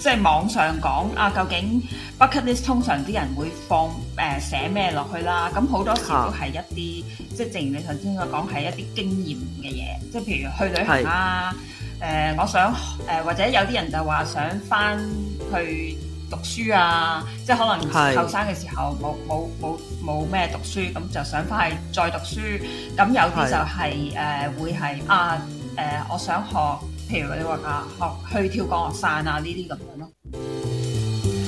即係網上講啊，究竟 bucket list 通常啲人會放誒、呃、寫咩落去啦？咁好多時都係一啲，啊、即係正如你頭先講，係一啲經驗嘅嘢，即係譬如去旅行啊，誒是、呃，我想誒、呃，或者有啲人就話想翻去讀書啊，即係可能後生嘅時候冇冇冇冇咩讀書，咁就想翻去再讀書。咁有啲就係、是、誒是、呃、會係啊，誒、呃呃、我想學。譬如你話啊，學去跳降落傘啊呢啲咁樣咯。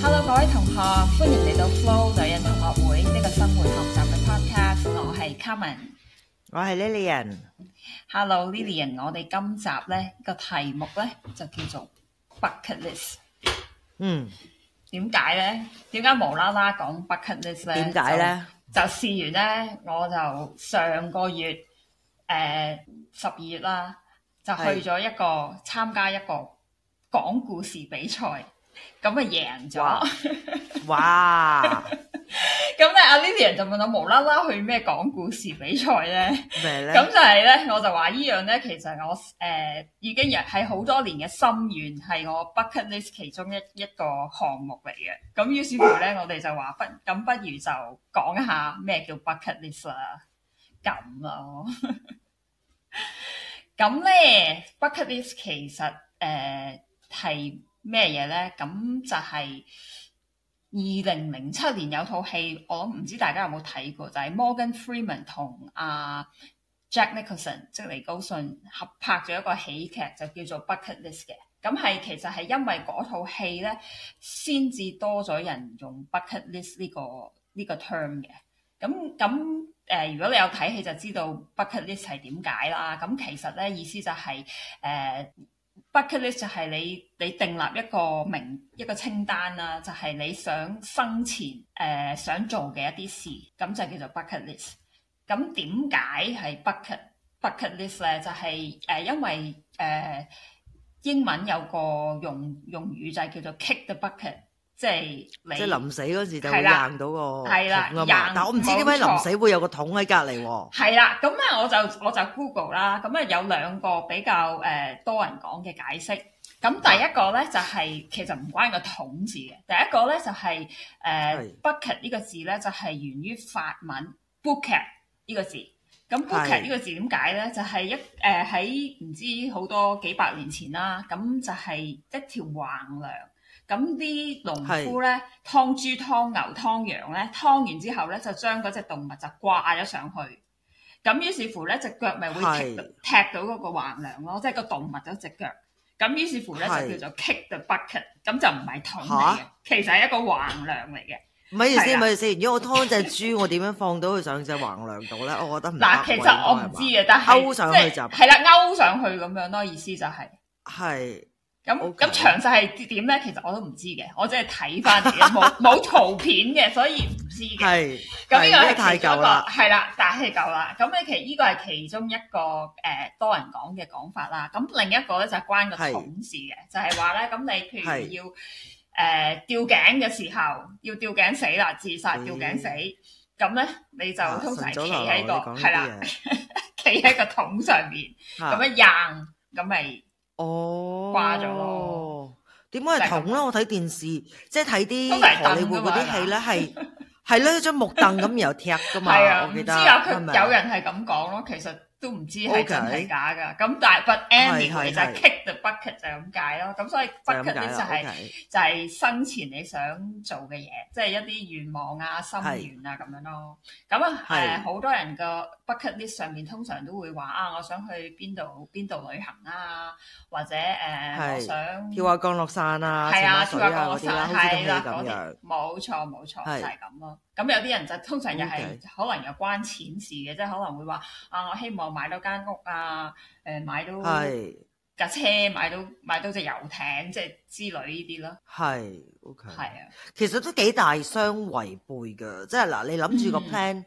Hello 各位同學，歡迎嚟到 Flo 女人同學會呢個生活學習嘅 podcast，我係 Carmen，我係 Lillian。Hello Lillian，我哋今集咧個題目咧就叫做 bucket list。嗯，點解咧？點解無啦啦講 bucket list 咧？點解咧？就試完咧，我就上個月誒十二月啦。就去咗一個參是加一個講故事比賽，咁啊贏咗，哇！咁咧 阿 Lily 就問我：「無啦啦去咩講故事比賽咧？」咁 就係咧，我就話依樣咧，其實我誒、呃、已經係好多年嘅心願，係我 bucket list 其中一一個項目嚟嘅。咁於是乎咧，哇我哋就話不咁，不如就講一下咩叫 bucket list 啊？咁咯。 咁咧 bucket list 其實誒係咩嘢咧？咁、呃、就係二零零七年有套戲，我唔知大家有冇睇過，就係、是、Morgan Freeman 同阿、啊、Jack Nicholson 即係尼高信合拍咗一個喜劇，就叫做 bucket list 嘅。咁係其實係因為嗰套戲咧，先至多咗人用 bucket list 呢、呢個呢、呢個 term 嘅。咁咁。誒、呃，如果你有睇戲就知道 bucket list 係點解啦。咁其實咧意思就係、是、誒、呃、bucket list 就係你你訂立一個名一個清單啦，就係、是、你想生前誒、呃、想做嘅一啲事，咁就叫做 bucket list。咁點解係 bucket bucket list 咧？就係、是、誒、呃，因為誒、呃、英文有個用用語就係叫做 kick the bucket。即係即係臨死嗰時就會硬到個桶啊嘛，但係我唔知點解臨死會有個桶喺隔離喎。係啦，咁啊，我就我就 Google 啦，咁啊有兩個比較誒多人講嘅解釋。咁第一個咧就係其實唔關個桶字嘅，第一個咧就係誒 bucket 呢個字咧就係源於法文 buquet 呢個字。咁 buquet 呢個字點解咧？就係一誒喺唔知好多幾百年前啦，咁就係一條橫梁。咁啲農夫咧，劏豬、劏牛、劏羊咧，劏完之後咧，就將嗰隻動物就掛咗上去。咁於是乎咧，隻腳咪會踢到嗰個橫樑咯，即係個動物嗰隻腳。咁於是乎咧，就叫做 kick the bucket，咁就唔係桶嚟嘅，其實係一個橫樑嚟嘅。唔係意思，唔係意思。如果我劏隻豬，我點樣放到佢上隻橫樑度咧？我覺得唔得。嗱，其實我唔知嘅，但係即係勾上去係啦，勾上去咁樣咯，意思就係係。咁咁詳細係點咧？其實我都唔知嘅，我只係睇翻自己冇冇圖片嘅，所以唔知嘅。係咁呢個係其中一個係啦，但係夠啦。咁咧其呢個係其中一個誒多人講嘅講法啦。咁另一個咧就係關個桶事嘅，就係話咧，咁你譬如要誒吊頸嘅時候，要吊頸死啦，自殺吊頸死。咁咧你就通常係企喺個係啦，企喺個桶上邊咁樣扔，咁咪。哦，掛咗咯。點解係桶咧？我睇電視，即係睇啲荷里活嗰啲戲咧，係係咯一張木凳咁然後踢噶嘛。係 啊，我記得。知啊，佢有人係咁講咯，其實。都唔知係真係假㗎，咁但係 But anyway kick the bucket 就咁解咯，咁所以 bucket 呢就係就係生前你想做嘅嘢，即係一啲願望啊、心願啊咁樣咯。咁啊誒，好多人個 bucket list 上面通常都會話啊，我想去邊度邊度旅行啊，或者誒，我想跳下降落傘啊，啊，跳下降落傘嗰啲啦，係啦嗰啲，冇錯冇錯就係咁咯。咁有啲人就通常又係可能又關錢事嘅，即係可能會話啊，我希望買多間屋啊，誒，買到架車，買到買到隻遊艇，即係之類呢啲咯。係，OK。係啊，其實都幾大相違背噶，即係嗱，你諗住個 plan，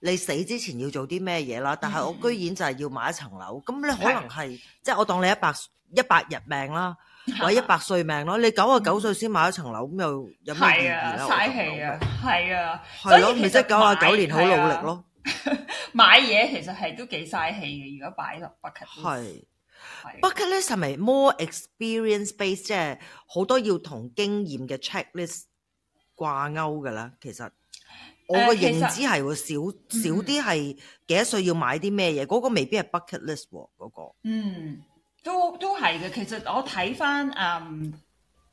你死之前要做啲咩嘢啦？但係我居然就係要買一層樓，咁你可能係即係我當你一百一百日命啦。或歲歲買一百歲命咯，你九啊九歲先買一層樓咁又有咩意義啦？嘥氣啊，係啊，所以其實九啊九年好努力咯。啊、買嘢其實係都幾嘥氣嘅。如果擺落 bucket 係 bucket list 係咪 more experience based 啫？即係好多要同經驗嘅 checklist 掛勾噶啦。其實我個認知係會、呃嗯、少少啲，係幾多歲要買啲咩嘢？嗰、那個未必係 bucket list 喎，嗰、那個嗯。都都係嘅，其實我睇翻嗯，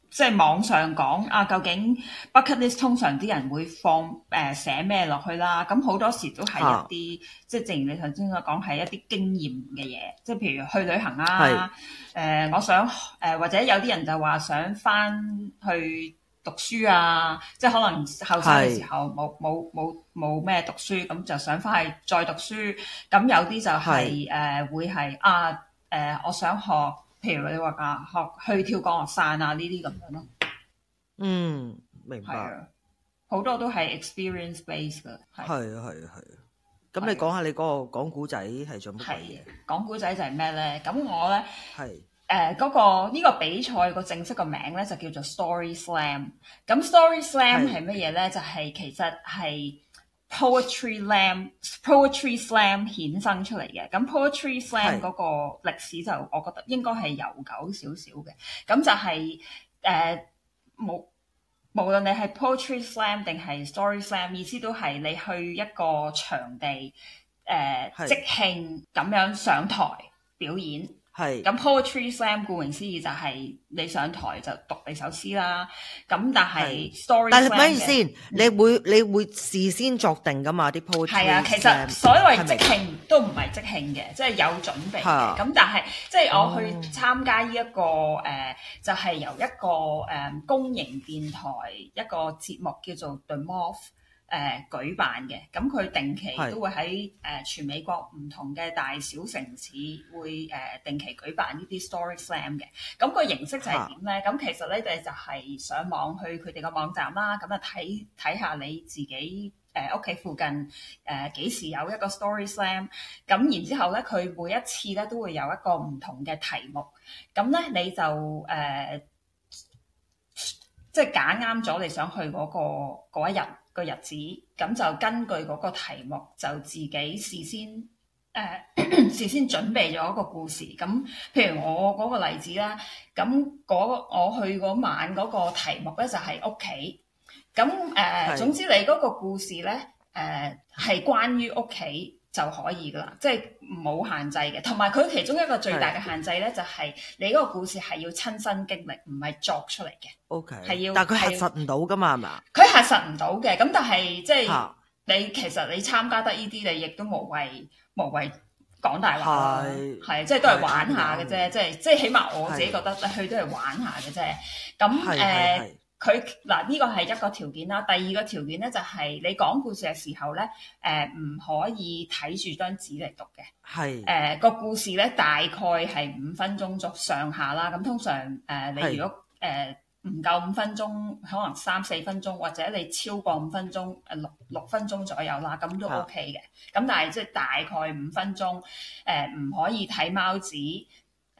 即係網上講啊，究竟 bucket list 通常啲人會放誒寫咩落去啦？咁好多時都係一啲，即係，啊，正如你頭先所講，係一啲經驗嘅嘢，即係譬如去旅行啊，誒，是，我想誒，或者有啲人就話想翻去讀書啊，即係可能後生嘅時候冇冇冇冇咩讀書，咁就想翻去再讀書，咁有啲就係，是的，誒會係啊。啊啊誒，我想學，譬如你話學去跳降落傘啊呢啲咁樣咯。嗯，明白。好多都係 experience based 噶。係啊係啊係啊。咁你講下你嗰個講古仔係做乜？係啊，講古仔就係咩咧？咁我咧係誒嗰個呢個比賽個正式個名咧就叫做 story slam。咁 story slam 係乜嘢咧？就係其實係。poetry po slam poetry slam 衍生出嚟嘅，咁 poetry slam 嗰個歷史就我覺得應該係悠久少少嘅，咁就係誒冇無論你係 poetry slam 定係 story slam，意思都係你去一個場地誒、呃、是即興咁樣上台表演。係，咁是 poetry slam 顧名思義就係你上台就讀你首詩啦，咁但係 story slam 但係咪先？ 你會你會事先作定噶嘛啲 poetry？係啊，其實所謂即興都唔係即興嘅，即、就、係、是、有準備嘅。咁、啊、但係即係我去參加呢、這、一個誒、嗯呃，就係、是、由一個誒公營電台一個節目叫做 The Moth。誒、呃、舉辦嘅，咁佢定期都會喺誒的、呃、全美國唔同嘅大小城市會誒、呃、定期舉辦呢啲 story slam 嘅。咁個形式就係點咧？咁、啊、其實咧，就就係、係上網去佢哋個網站啦。咁啊睇睇下你自己誒屋企附近誒幾、呃、時有一個 story slam。咁然之後咧，佢每一次咧都會有一個唔同嘅題目。咁咧你就誒，即係揀啱咗你想去嗰、嗰個嗰一日，個日子咁就根據嗰個題目就自己事先誒、呃、 事先準備咗一個故事咁，譬如我嗰個例子啦，咁、那、嗰、個、我去嗰晚嗰個題目咧就係屋企，咁誒、呃、是總之你嗰個故事咧誒係關於屋企。就可以噶啦，即係冇限制嘅。同埋佢其中一個最大嘅限制咧，就係你嗰個故事係要親身經歷，唔係作出嚟嘅。O K，係要，但佢核實唔到噶嘛，係嘛？佢核實唔到嘅。咁但係即係你其實你參加得呢啲，你亦都無謂無謂講大話咯。係，即係都係玩下嘅啫。即係即係起碼我自己覺得佢都係玩下嘅啫。咁誒。佢嗱，呢個係一個條件啦。第二個條件咧就係、是、你講故事嘅時候咧，誒、呃、唔可以睇住張紙嚟讀嘅。係誒是、呃、個故事咧，大概係五分鐘左右上下啦。咁通常誒、呃、你如果誒唔夠五分鐘，可能三四分鐘，或者你超過五分鐘誒六六分鐘左右啦，咁都 O K 嘅。咁是但係即係大概五分鐘誒，唔、呃、可以睇貓紙。誒、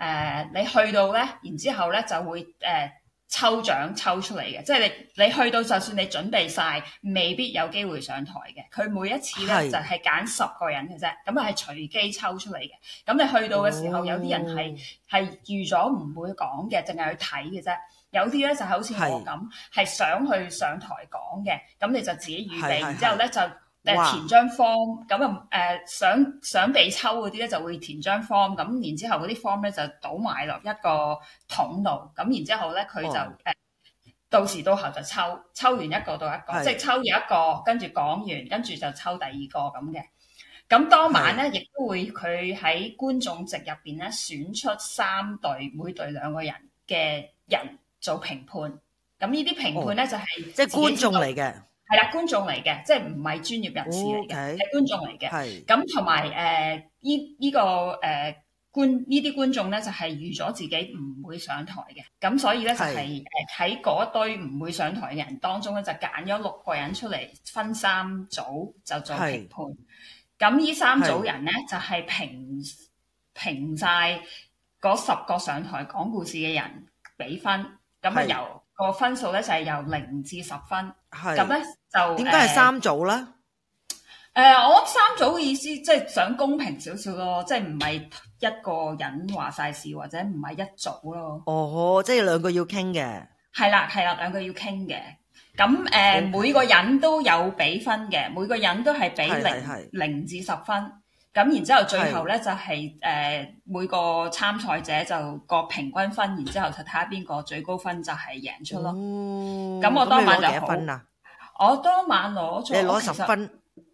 呃、你去到咧，然之後咧就會誒。呃抽獎抽出嚟嘅，即係你你去到就算你準備晒，未必有機會上台嘅。佢每一次咧是就係揀十個人嘅啫，咁啊係隨機抽出嚟嘅。咁你去到嘅時候，哦、有啲人係係預咗唔會講嘅，淨係去睇嘅啫。有啲咧就好似我咁，係是想去上台講嘅，咁你就自己預備，然之後咧就。誒，呃、哇填張 form 咁啊！誒，想想被抽嗰啲咧，就會填張 form 咁，然之後嗰啲 form 咧就倒埋落一個桶度，咁然之後咧佢就誒，哦、到時到候就抽抽完一個到一個，即係是抽完一個跟住講完，跟住就抽第二個咁嘅。咁當晚咧，亦都是會佢喺觀眾席入邊咧，選出三隊，每隊兩個人嘅人做評判。咁呢啲評判咧、哦、就係即係觀眾嚟嘅。係啦，觀眾嚟嘅，即係唔係專業人士嚟嘅，係 Okay. 觀眾嚟嘅。係咁，同埋誒呢呢個誒觀呢啲觀眾咧，就係預咗自己唔會上台嘅。咁所以咧是就係誒喺嗰堆唔會上台嘅人當中咧，就揀咗六個人出嚟分三組就做評判。咁呢是三組人咧就係評評晒嗰十個上台講故事嘅人，俾分。咁啊由。是個分數咧就係由零至十分，咁咧是就點解係三組咧？誒、呃，我三組嘅意思即係想公平少少咯，即係唔係一個人話晒事，或者唔係一組咯。哦，即係兩個要傾嘅。係啦，係啦，兩個要傾嘅。咁誒，呃、Okay. 每個人都有比分嘅，每個人都係比零零至十分。咁然之後最後咧就係誒每個參賽者就個平均分，然之後就睇下邊個最高分就係贏出咯。咁我當晚就攞分啦。我當晚攞咗，你攞十分？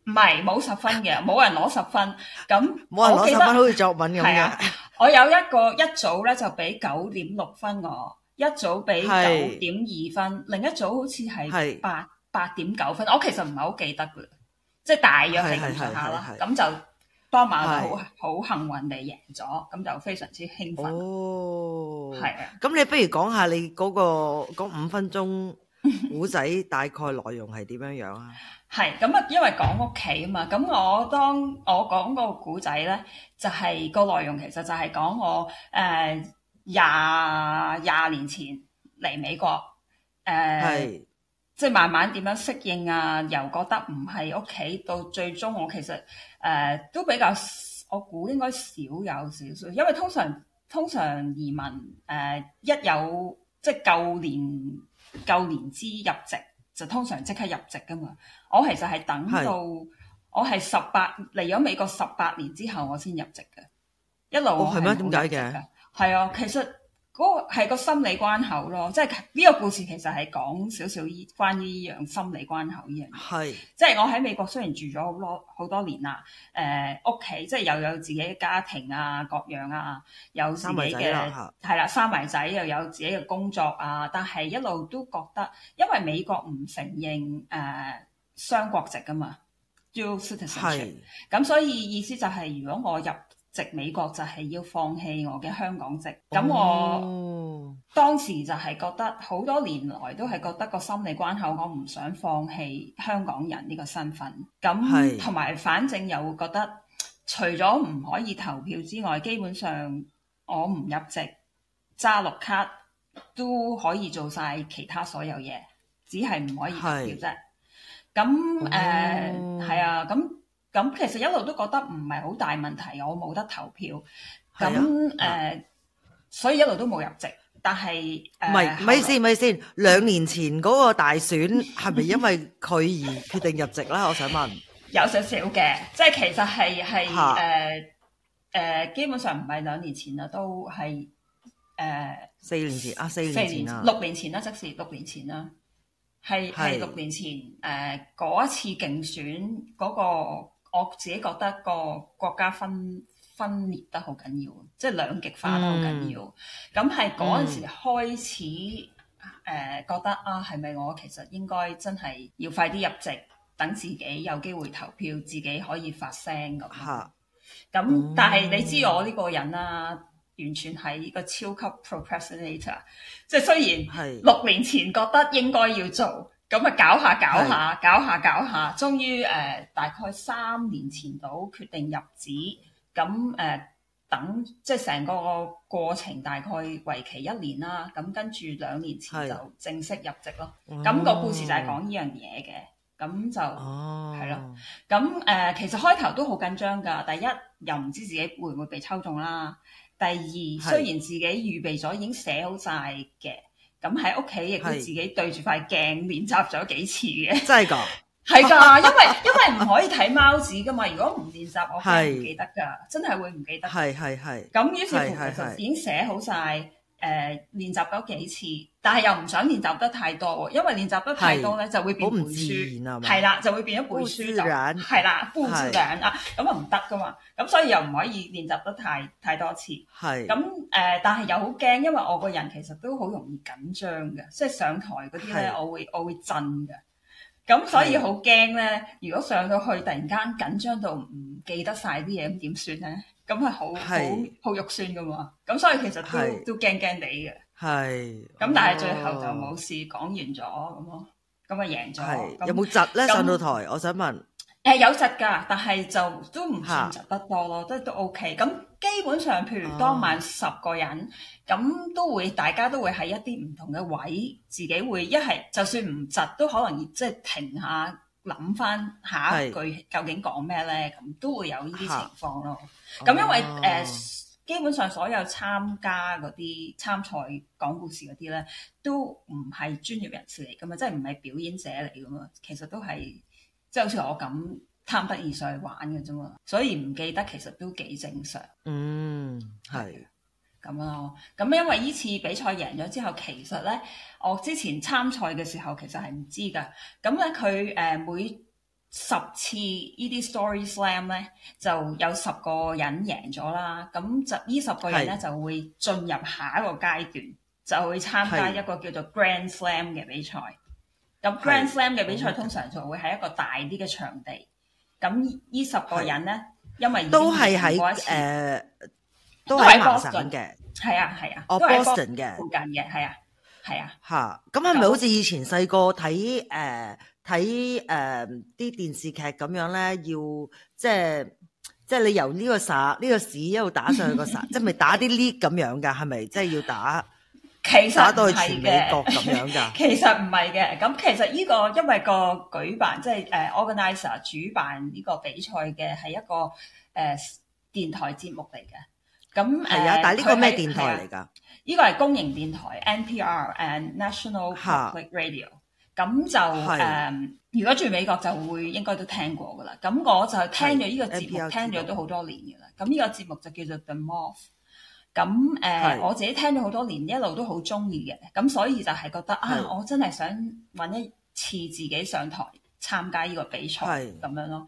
唔係冇十分嘅，冇人攞十分。咁冇人攞十分，好似作文咁。係啊，我有一個一組咧就俾九點六分，我一組俾九點二分，另一組好似係八八點九分。我其實唔係好記得嘅，即係大約你睇下啦。咁就。是好，好幸運地贏咗，咁就非常之興奮。係啊、oh, 是，咁你不如講下你嗰、嗰個嗰五分鐘古仔大概內容係點樣樣啊？係咁啊，因為講屋企啊嘛。咁我當我講個古仔咧，就係、是、個內容其實就係講我誒廿廿年前嚟美國誒，即、uh, 係是慢慢點樣適應啊，由覺得唔係屋企到最終我其實。誒，uh, 都比較，我估應該少有少少，因為通常通常移民誒，uh, 一有即係舊年舊年之入籍，就通常即刻入籍㗎嘛。我其實係等到是我係十八嚟咗美國十八年之後，我先入籍嘅。一路係咩？點解嘅？係啊，其實。嗰、那個係個心理關口咯，即係呢、這個故事其實係講少少依關於依樣心理關口依樣。係是，即係我喺美國雖然住咗好多好多年啦，誒屋企即係又有自己嘅家庭啊，各樣啊，有自己嘅係啦，生埋仔，仔又有自己嘅工作啊，但係一路都覺得，因為美國唔承認誒雙、呃、國籍噶嘛，叫 citizenship 咁所以意思就係、是、如果我入。美國就係要放棄我嘅香港籍，咁我當時就係覺得好多年來都係覺得個心理關口，我唔想放棄香港人呢個身份。咁同埋反正又覺得除咗唔可以投票之外，基本上我唔入籍揸綠卡都可以做晒其他所有嘢，只係唔可以投票啫。咁誒係啊，咁。咁其實一路都覺得唔係好大問題，我冇得投票，咁誒、啊呃，所以一路都冇入籍。但係誒，唔係，咪先，咪先。兩年前嗰個大選係咪因為佢而決定入籍咧？ 我想問。有少少嘅，即係其實係係誒誒，基本上唔係兩年前啦，都係誒、呃、四年前啊，四年前啊，六年前啦，即是六年前啦，係係是六年前誒嗰一次競選嗰，那個。我自己覺得個國家分分裂得好緊要，即係兩極化得好緊要。咁係嗰陣時開始，誒、嗯呃、覺得啊，係咪我其實應該真係要快啲入籍，等自己有機會投票，自己可以發聲咁。嚇！咁哈但係、嗯、你知我呢個人啦、啊，完全係一個超級 procrastinator，即係雖然係六是年前覺得應該要做。咁啊，搞下搞，下，是搞，下，搞下，搞下搞下，終於誒，大概三年前度決定入紙，咁、嗯、誒、呃、等即係成個過程大概為期一年啦。咁、嗯、跟住兩年前就正式入職咯。咁是個故事就係講呢樣嘢嘅，咁、嗯、就係咯。咁誒、啊嗯呃，其實開頭都好緊張㗎。第一又唔知自己會唔會被抽中啦。第二雖然自己預備咗，已經寫好晒嘅。咁喺屋企亦都自己對住塊鏡練習咗幾次嘅是 的，真係噶，係噶，因為因為唔可以睇貓紙噶嘛，如果唔練習，我係唔記得噶，是 真係會唔記得，係係係，咁於是其實就已經寫好晒。誒，練習咗幾次，但係又唔想練習得太多，因為練習得太多咧，是就會變唔自然啊。係啦，就會變咗背書，係啦，背書人是啊，咁啊唔得噶嘛。咁所以又唔可以練習得太太多次。係咁誒，但係又好驚，因為我個人其實都好容易緊張嘅，即係上台嗰啲咧，我會我會震嘅。咁所以好驚咧，如果上到去突然間緊張到唔記得晒啲嘢，咁點算咧？咁係好好好肉酸噶嘛，咁所以其實都是都驚驚地嘅。係是，咁但係最後就冇事，講完咗咁咯，咁啊贏咗。是那有冇窒咧上到台？我想問。誒、呃，有窒噶，但係就都唔算窒得多咯，哈都都 OK。咁基本上，譬如當晚十個人，咁、啊、都會大家都會喺一啲唔同嘅位，自己會一係就算唔窒都可能即係停下。諗翻下一句是究竟講咩咧，咁都會有呢啲情況咯。咁、啊、因為誒、呃，基本上所有參加嗰啲參賽講故事嗰啲咧，都唔係專業人士嚟噶嘛，即係唔係表演者嚟噶嘛，其實都係即係好似我咁貪得意上去玩嘅啫嘛，所以唔記得其實都幾正常。嗯，係。咁樣咯，咁因為呢次比賽贏咗之後，其實咧，我之前參賽嘅時候其實係唔知噶。咁咧佢誒每十次呢啲 story slam 咧，就有十個人贏咗啦。咁十呢十個人咧是就會進入下一個階段，是就會參加一個叫做 grand slam 嘅比賽。咁是 grand slam 嘅比賽通常就會喺一個大啲嘅場地。咁呢是十個人咧，是因為都係喺誒。呃都喺麻省嘅，係啊，係啊，都喺波士頓嘅附近嘅，係啊，係啊。嚇，咁係咪好似以前細個睇誒睇誒啲電視劇咁樣咧？要即係即係你由呢個省呢、呢個市一路打上去個省，即係咪打啲 lead 咁樣㗎？係咪即係要打其實打到去全美國咁樣㗎？ 其實唔係嘅，咁其實呢個因為個舉辦即係、就、誒、是、organizer 主辦呢個比賽嘅係一個誒電台節目嚟嘅。咁、嗯、但呢個咩電台嚟㗎？呢個係公營電台 NPR and National Public Radio 的。咁就誒、嗯，如果住美國就會應該都聽過噶啦。咁我就聽咗呢個節目，聽咗都好多年嘅啦。咁呢個節目就叫做 The Moth，咁誒，嗯、的我自己聽咗好多年，一路都好中意嘅。咁所以就係覺得的啊，我真係想揾一次自己上台參加呢個比賽咁的樣咯。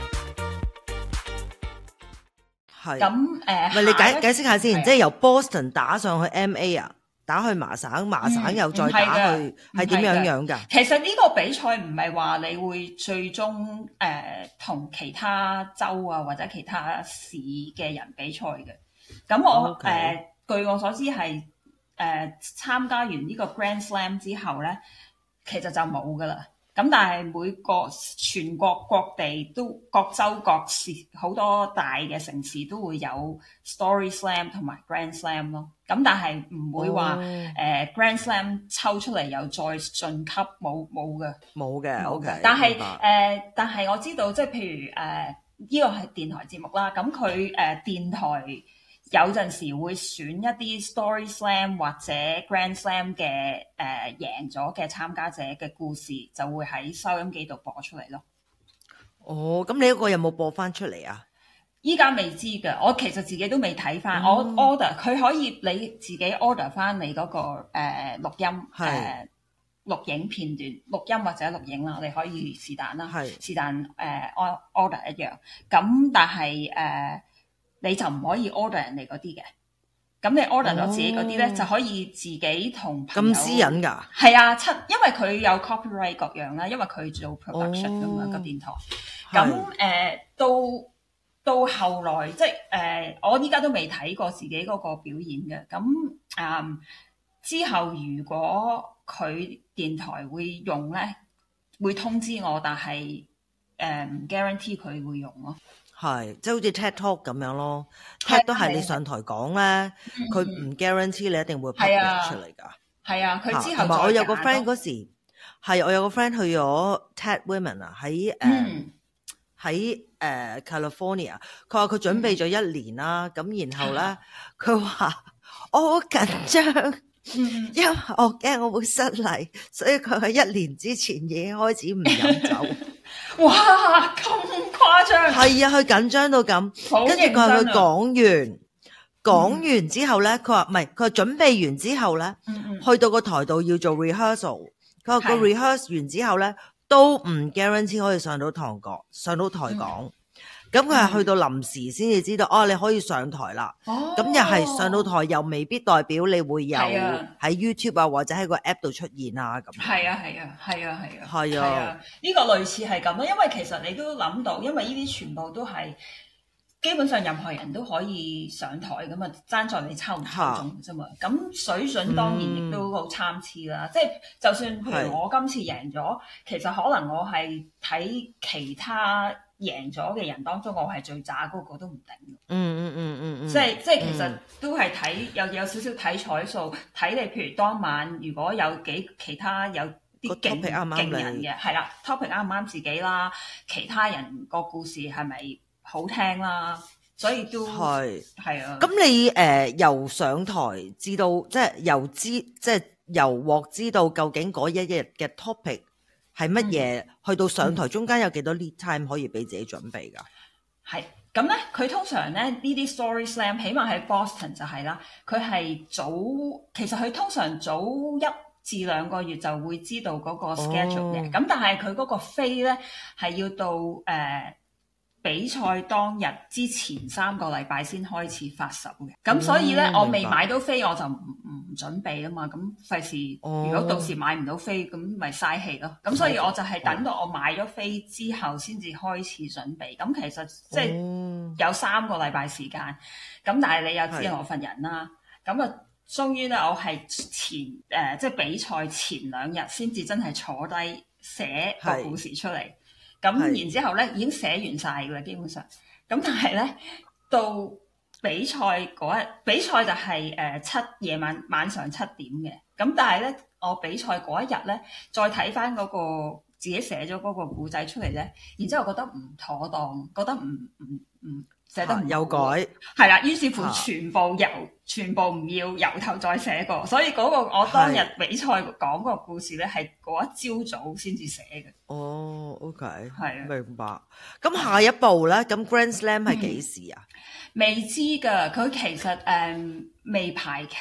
係咁，誒，唔係你解解釋下先，是的 即係由 Boston 打上去 MA 啊，打去麻省，麻省又再打去，係點、嗯、樣樣噶？其實呢個比賽唔係話你會最終誒同其他州啊或者其他市嘅人比賽嘅。咁我誒、嗯 okay. 呃、據我所知係誒參加完呢個 Grand Slam 之後咧，其實就冇噶啦。咁但係每個全國各地都各州各市好多大嘅城市都有 lam, 會有 Story Slam 同埋 Grand Slam 咯。咁但係唔會話誒 Grand Slam 抽出嚟又再進級冇冇嘅冇嘅 OK。但係誒，但係我知道即係譬如誒，依、呃這個係電台節目啦。咁佢誒電台。呃電台有陣時會選一啲 Story Slam 或者 Grand Slam 嘅誒、呃、贏咗嘅參加者嘅故事，就會喺收音機度播出嚟咯。哦，咁你嗰個有冇播翻出嚟啊？依家未知㗎，我其實自己都未睇翻。嗯、我 order 佢可以你自己 order 翻你嗰、嗰個誒、呃、錄音誒是、呃、錄影片段錄音或者錄影啦，我哋可以是、呃、但啦，係是但誒 order 一樣。咁但係誒。你就唔可以 order 人哋嗰啲嘅，咁你 order 咗自己嗰啲咧，哦、就可以自己同朋友咁私隱噶。係啊，七，因為佢有 copyright 各樣啦，因為佢做 production 咁樣、哦、個電台。咁誒是、呃，到到後來，即係誒、呃，我依家都未睇過自己嗰個表演嘅。咁嗯，之後如果佢電台會用咧，會通知我，但係誒、嗯、唔 guarantee 佢會用咯。係，即係好似 TED Talk 咁樣咯，TED 都係你上台講咧，佢唔 guarantee 你一定會 publish 出嚟㗎。係啊，佢之後有我有個 friend 嗰時係，我有個 friend 去咗 TED Women 啊，喺誒喺誒 California，佢話佢準備咗一年啦，咁、嗯、然後咧佢話我好緊張，因為我驚我會失禮，所以佢喺一年之前已經開始唔飲酒。 哇，咁誇張！係 啊，佢緊張到咁，跟住佢話佢講完，講、嗯、完之後呢，佢話唔係，佢準備完之後呢，嗯嗯去到個台度要做 rehearsal，佢話個 rehearsal、er、完之後呢，都唔 guarantee 可以上到堂講，上到台講。嗯嗯咁佢係去到臨時先至知道，哦、嗯啊，你可以上台啦。咁、哦、又係上到台又未必代表你會有喺 YouTube 啊, you 啊或者喺個 App 度出現啊咁。係啊係啊係啊係啊。係啊。呢、啊、個類似係咁咯，因為其實你都諗到，因為呢啲全部都係基本上任何人都可以上台咁啊，爭在你抽唔中啫嘛。咁是水準當然亦都好參差啦。即係、嗯、就,就算譬如我今次贏咗，其實可能我係睇其他。贏咗嘅人當中，我係最渣嗰個都唔頂。嗯嗯嗯嗯嗯，即係即係其實都係睇有有少少睇彩數，睇你譬如當晚如果有幾其他有啲勁，勁人嘅，係啦，topic 啱唔啱自己啦，其他人個故事係咪好聽啦，所以都係係是啊。咁你誒、呃、由上台至到即係由知即係由獲知道究竟嗰一日嘅 topic 係乜嘢？去到上台中間有幾多 lead time 可以俾自己準備㗎？係咁咧，佢通常咧呢啲 story slam，起碼喺 Boston 就係啦。佢係早，其實佢通常早一至兩個月就會知道嗰個 schedule 嘅。咁、哦、但係佢嗰個飛咧係要到誒，呃比賽當日之前三個禮拜先開始發售嘅，咁、嗯、所以咧、嗯、我未買到飛我就唔準備啊嘛，咁費事如果到時買唔到飛咁咪嘥氣咯。咁所以我就係等到我買咗飛之後先至開始準備。咁、嗯、其實即係有三個禮拜時間，咁、嗯、但係你又知我份人啦、啊，咁啊的終於咧我係前誒即係比賽前兩日先至真係坐低寫個故事出嚟。咁然之後咧，已經寫完晒㗎喇，基本上。咁但係咧，到比賽嗰一日，比賽就係誒七夜晚晚上七點嘅。咁但係咧，我比賽嗰一日咧，再睇翻嗰個自己寫咗嗰個故仔出嚟咧，然之後覺得唔妥當，覺得唔唔唔。寫得唔有改係啦，於是乎全部由、啊、全部唔要由頭再寫過，所以嗰、那個我當日比賽講個故事咧，係嗰是一朝早先至寫嘅。哦、oh，OK，係啊的，明白。咁下一步咧，咁 Grand Slam 係幾時啊、嗯？未知噶，佢其實誒、嗯、未排期，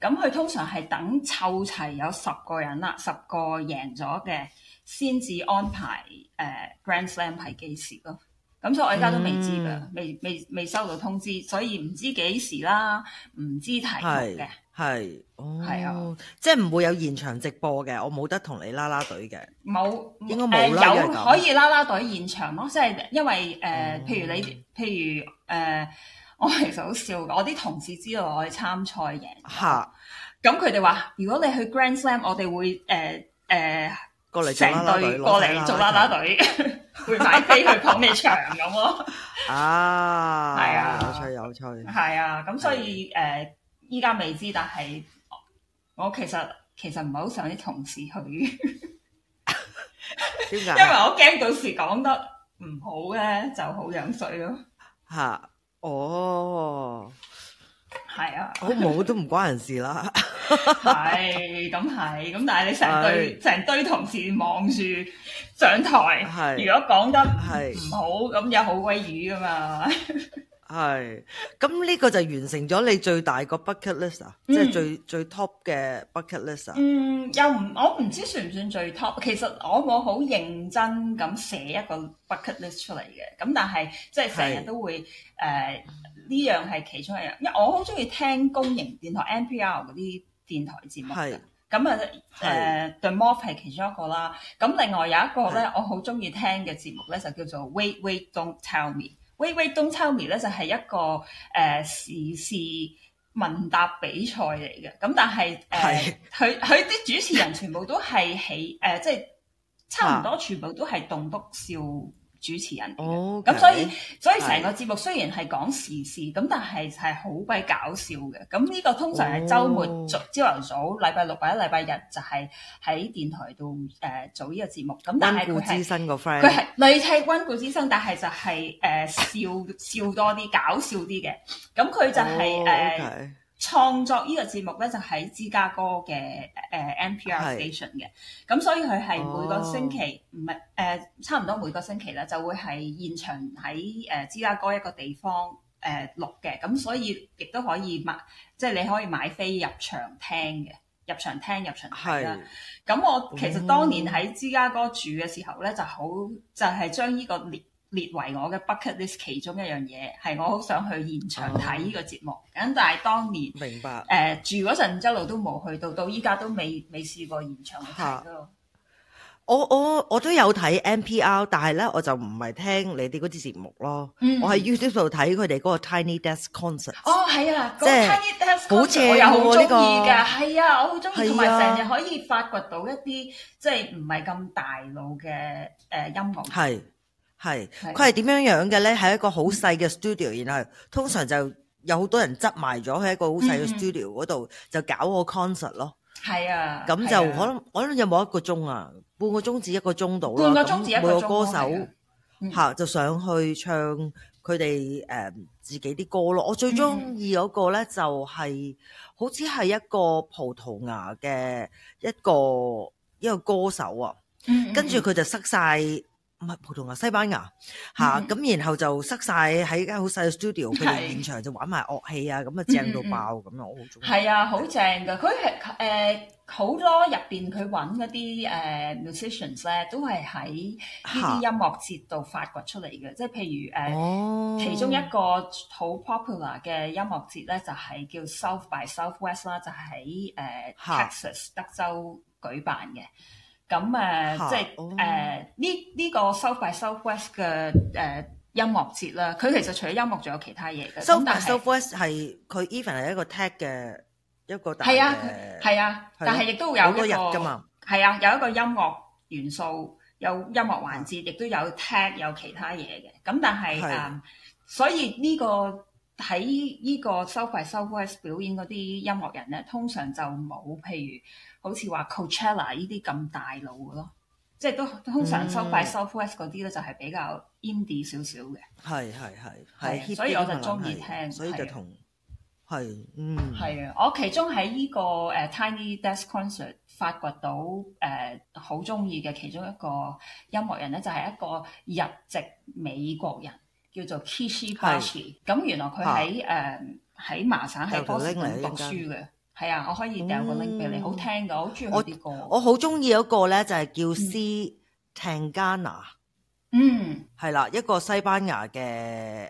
咁佢通常係等湊齊有十個人啦，十個贏咗嘅，先至安排誒、呃、Grand Slam 係幾時咯？咁、嗯、所以我而家都未知㗎，未未未收到通知，所以唔知幾時啦，唔知題目嘅，係，係，哦、啊，即係唔會有現場直播嘅，我冇得同你拉拉隊嘅，冇沒，應該冇，有可以拉拉隊現場咯，即係因為誒、呃，譬如你，譬如誒、呃，我其實好笑㗎，我啲同事知道我去參賽嘅，嚇哈，咁佢哋話，如果你去 Grand Slam，我哋會誒誒。呃呃過嚟成隊過嚟做啦啦隊，會買飛去捧咩場咁咯、啊。啊，係啊，有趣有趣。係啊，咁所以誒，依家未知，但係我其實其實唔係好想啲同事去 ，點解？因為我驚到時講得唔好咧，就好樣衰咯。吓、啊，哦、oh.。係啊，好冇 都唔關人事啦。係咁係，咁但係你成堆成堆同事望住上台，是如果講得唔好，咁有好鬼瘀㗎嘛。 係，咁呢個就完成咗你最大個 bucket list 啊，即係、嗯、最最 top 嘅 bucket list 啊。嗯，又唔，我唔知算唔算最 top。其實我冇好認真咁寫一個 bucket list 出嚟嘅，咁但係即係成日都會誒呢是、呃、樣係其中一樣，因為我好中意聽公營電台 NPR 嗰啲電台節目嘅。係是，咁啊誒 The Moth 係其中一個啦。咁另外有一個咧，是我好中意聽嘅節目咧就叫做 Wait Wait Don't Tell Me。Wait, wait, don't tell me 咧就係一個誒、呃、時事問答比賽嚟嘅，咁但係誒佢佢啲主持人全部都係喺誒，即係、 呃就是、差唔多全部都係棟篤笑。主持人嘅，咁 Okay. 所以所以成個節目雖然係講時事，咁是但係係好鬼搞笑嘅。咁呢個通常係週末，oh. 早朝頭早，禮拜六或者禮拜日就係喺電台度誒、呃、做呢個節目。咁但係佢係佢係類似溫故知新，但係就係、是、誒、呃、笑笑多啲搞笑啲嘅。咁佢就係誒。創作呢個節目咧就喺、是、芝加哥嘅誒、呃、NPR station 嘅，咁是所以佢係每個星期唔係誒差唔多每個星期啦，就會喺現場喺誒、呃、芝加哥一個地方誒、呃、錄嘅，咁所以亦都可以買，即、就、係、是、你可以買飛入場聽嘅，入場聽入場聽啦。咁是我其實當年喺芝加哥住嘅時候咧、oh.，就好就係將呢、這個列為我嘅 bucket list 其中一樣嘢係我好想去現場睇呢個節目，咁但係當年明白誒、呃、住嗰陣一陣路都冇去到，到依家都未未試過現場睇咯。我我我都有睇 NPR，但係咧我就唔係聽你哋嗰啲節目咯。嗯、我喺 YouTube 睇佢哋嗰個 Tiny Desk Concert。哦，係啊，即係好似我又好中意嘅，係、這個、啊，我好中意，同埋成日可以發掘到一啲即係唔係咁大路嘅誒音樂。係。係，佢係點樣樣嘅咧？係一個好細嘅 studio，然後通常就有好多人執埋咗喺一個好細嘅 studio 嗰度，嗯、就搞個 concert 咯。係啊、嗯，咁就可能我諗、嗯、有冇一個鐘啊，半個鐘至一個鐘到咯。半個鐘至一個鐘、啊，嗯嗯、每個歌手吓、嗯嗯嗯、就上去唱佢哋誒自己啲歌咯。我最中意嗰個咧就係、是，嗯、就好似係一個葡萄牙嘅一個一個，一個歌手啊，跟住佢就塞晒。唔係葡萄牙，西班牙吓咁，嗯、然後就塞晒喺一間好細嘅 studio，佢哋現場就玩埋樂器啊，咁啊正到爆咁樣，我好中意。係、呃、啊，好正噶！佢係誒好多入邊佢揾嗰啲誒 musicians 咧，都係喺呢啲音樂節度發掘出嚟嘅。即係哈譬如誒，呃哦、其中一個好 popular 嘅音樂節咧，就係、是、叫 South by Southwest 啦，就喺誒 Texas 德州舉辦嘅。咁誒、啊，即係誒呢呢個 South by Southwest 嘅誒音樂節啦。佢其實除咗音樂仲有其他嘢嘅。South 是 by Southwest 係佢 even 係一個 tech 嘅一個大，係啊，係啊，它但係亦都有一日㗎嘛。係啊，有一個音樂元素，有音樂環節亦都有 tech，有其他嘢嘅。咁但係是啊，所以呢、這個。喺依個收費 South by Southwest 表演啲音樂人咧，通常就冇，譬如好似話 Coachella 呢啲咁大路咯，即係都通常收費 South by Southwest 啲咧就係、是、比較 indie 少少嘅。係係係係，所以我就中意聽，所以就同係嗯係啊，我其中喺依、這個誒、uh, Tiny Desk Concert 發掘到誒好中意嘅其中一個音樂人咧，就係、是、一個入籍美國人。就是叫做 Kishi Bashi 咁原來佢喺誒喺麻省喺波士頓讀書嘅，係啊，我可以掉個 link 俾你，好聽嘅，好中意佢啲歌，我好中意一個咧，就係叫 C Tangana，嗯，係啦，一個西班牙嘅誒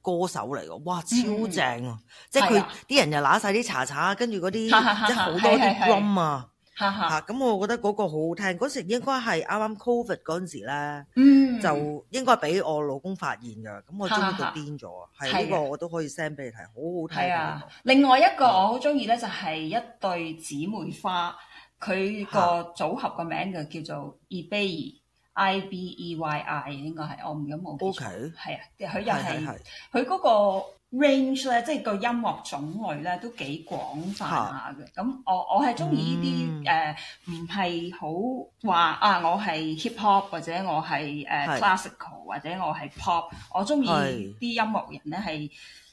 歌手嚟嘅，哇，超正啊！即係佢啲人又揦晒啲茶茶，跟住嗰啲即係好多啲 drum 啊。嚇！咁我覺得嗰個好好聽，嗰時應該係啱啱 Covid 嗰陣時咧，就應該俾我老公發現嘅。咁我中意到癲咗啊！係呢 potato. Yeah, 個我都可以 send 俾你睇，好好睇啊，另外一個我好中意咧，就係一對姊妹花，佢個組合個名就叫做 Ibeyi I B E Y I，應該係我唔敢忘記 OK，係啊，佢又係佢嗰 range 咧，即係個音樂種類咧都幾廣泛下嘅。咁的我我係中意呢啲誒，唔係好話啊，我係 hip hop 或者我係誒、uh, classical 的或者我係 pop，我中意啲音樂人咧係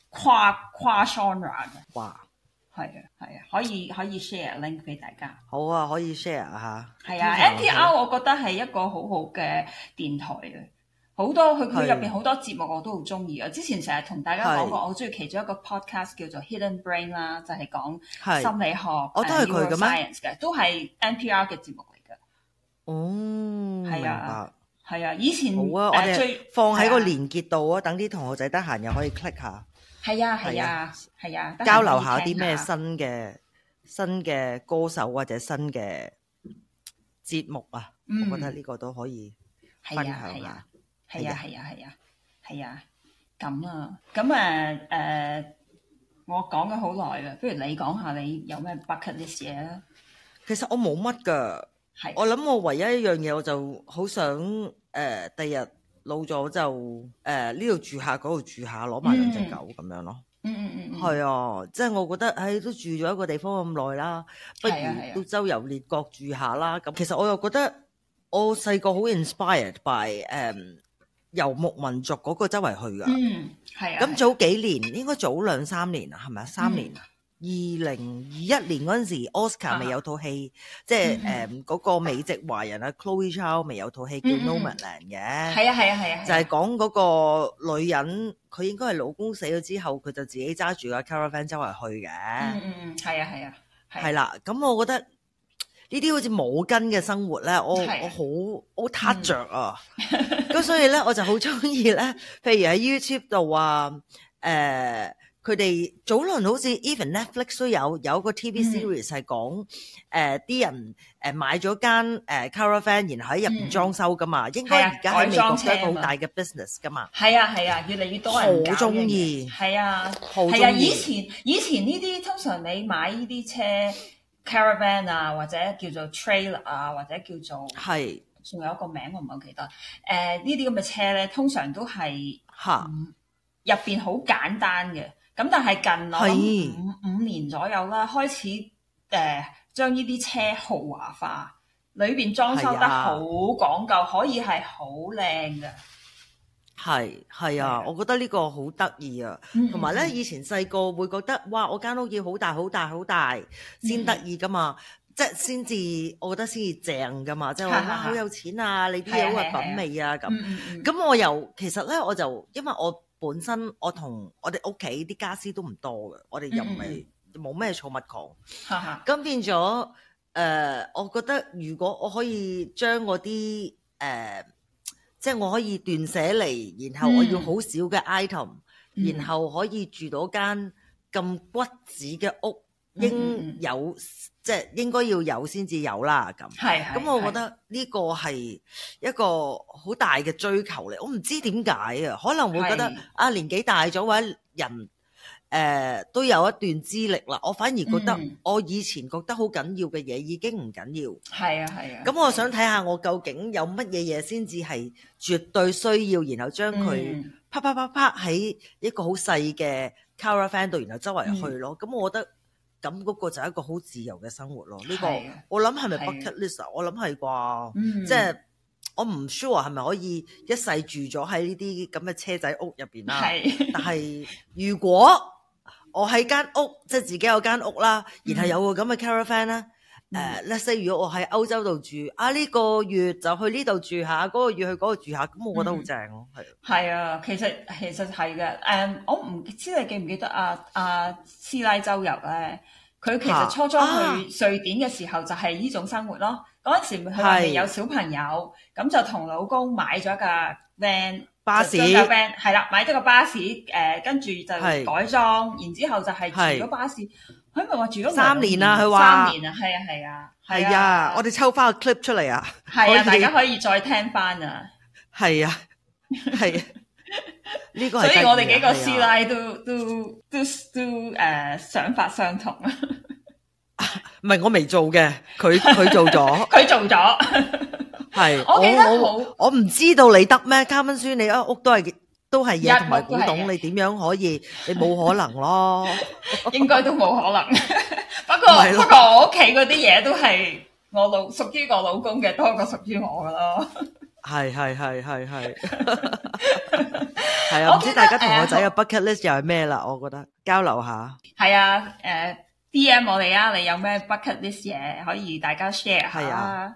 跨跨 genre 嘅。哇，係啊，係啊，可以可以 share link 俾大家。好啊，可以 share 下。係啊，NPR 我覺得係一個好好嘅電台嘅。好多佢佢入邊好多節目我都好中意啊！之前成日同大家講過，我中意其中一個 podcast 叫做 Hidden Brain 啦，就係講心理學。我都係佢噶 science 嘅都係 NPR 嘅節目嚟噶。哦，明白，係啊，以前冇啊，我哋放喺個連結度啊，等啲同學仔得閒又可以 click 下。係啊，係啊，係啊，交流下啲咩新嘅新嘅歌手或者新嘅節目啊，我覺得呢個都可以分享啊。係啊，係啊，係啊，係啊，咁啊，咁啊誒、呃，我講咗好耐啦，不如你講下你有咩 bucket list 嘢啊？其實我冇乜噶，係我諗我唯一一樣嘢，我就好想誒，第、呃、日老咗就誒呢度住下，嗰度住下，攞埋兩隻狗咁、嗯、樣咯。嗯嗯嗯，係、嗯嗯嗯、啊，即、就、係、是、我覺得，誒、哎、都住咗一個地方咁耐啦，不如都周遊列國住下啦。咁係係其實我又覺得，我細個好 inspired by 誒、um,。游牧民族嗰個周圍去嘅，嗯，係啊。咁早幾年，應該早兩三年啦，係咪啊？三年，二零二一年嗰陣時，Oscar 咪有套戲，即係誒嗰個美籍華人啊，Chloe Zhao 咪有套戲叫 Nomadland 嘅，係啊，係啊，係啊，就係講嗰個女人，佢應該係老公死咗之後，佢就自己揸住個 caravan 周圍去嘅，嗯嗯係啊係啊，係啦，咁我覺得。呢啲好似冇根嘅生活咧，我我好我好 touch 的著啊，咁 所以咧我就好中意咧，譬如喺 YouTube 度啊，誒、呃，佢哋早輪好似 even Netflix 都有有個 TV series 係講，誒的，啲、呃、人誒買咗間誒 caravan，然後喺入面裝修噶嘛，的應該而家喺美國都好大嘅 business 噶嘛，係啊係啊，越嚟越多人好中意，係啊，係啊，以前以前呢啲通常你買呢啲車。caravan 啊，或者叫做 trailer 啊，或者叫做，係是，仲有一個名我唔好記得。誒、呃、呢啲咁嘅車咧，通常都係喺入邊好簡單嘅，咁但係近來五五是年左右啦，開始誒、呃、將呢啲車豪華化，裏邊裝修得好講究，啊、可以係好靚嘅。係係啊，我覺得呢個好得意啊。同埋咧，以前細個會覺得哇，我間屋要好大好大好大先得意㗎嘛，即係先至我覺得先至正㗎嘛，即係話哇好有錢啊，你啲嘢好有品味啊咁。咁我又其實咧，我就因為我本身我同我哋屋企啲家私都唔多嘅，我哋又唔係冇咩寵物講。咁變咗誒，我覺得如果我可以將我啲誒。即係我可以斷捨離，然後我要好少嘅 item，嗯、然後可以住到間咁骨子嘅屋，嗯、應有，即係應該要有先至有啦。咁，咁是、嗯、我覺得呢個係一個好大嘅追求嚟。我唔知點解啊，可能會覺得是是啊年紀大咗或者人。誒，uh, 都有一段資歷啦。我反而覺得，我以前覺得好緊要嘅嘢，已經唔緊要。係啊、嗯，係啊。咁我想睇下，我究竟有乜嘢嘢先至係絕對需要，然後將佢啪啪啪啪喺一個好細嘅 caravan 度，嗯、然後周圍去咯。咁、嗯、我覺得，咁嗰個就係一個好自由嘅生活咯。呢、這個我諗係咪 bucket list 的我諗係啩，即係的我唔 sure 係咪可以一世住咗喺呢啲咁嘅車仔屋入邊啦。係的，嗯、但係如果 S。laughed Qué 我喺間屋，即係自己有間屋啦，然後有個咁嘅 caravan 啦、mm。誒，let say，如果我喺歐洲度住，mm hmm. 啊呢、呢個月就去呢度住下，嗰、嗰個月去嗰度住下，咁我覺得好正咯，係、mm。係、hmm. 啊，其實其實係嘅。誒、um，我唔知你記唔記得啊啊，師奶周遊咧，佢、啊、其實初初去瑞典嘅時候就係呢種生活咯。嗰陣、啊、時佢哋有小朋友，咁的就同老公買咗架 van。巴士係啦，買咗個巴士，誒，跟住就係改裝，然之後就係住咗巴士。佢咪話住咗三年啦，佢話三年啊，係啊，係啊，係啊，我哋抽翻個 clip 出嚟啊，係啊，大家可以再聽翻啊，係啊，係，呢個所以我哋幾個師奶都都都都誒想法相同啊，唔係我未做嘅，佢佢做咗，佢做咗。係，我我我唔知道你得咩？Carmen 書你屋屋都係都係嘢同埋古董，你點樣可以？你冇可能咯，應該都冇可能。不過不過，我屋企嗰啲嘢都係我老屬於我老公嘅多過屬於我噶咯。係係係係係，係啊！唔知大家同我仔嘅 bucket list 又係咩啦？我覺得交流下。係啊，誒，DM 我哋啊，你有咩 bucket list 嘢可以大家 share 下啊？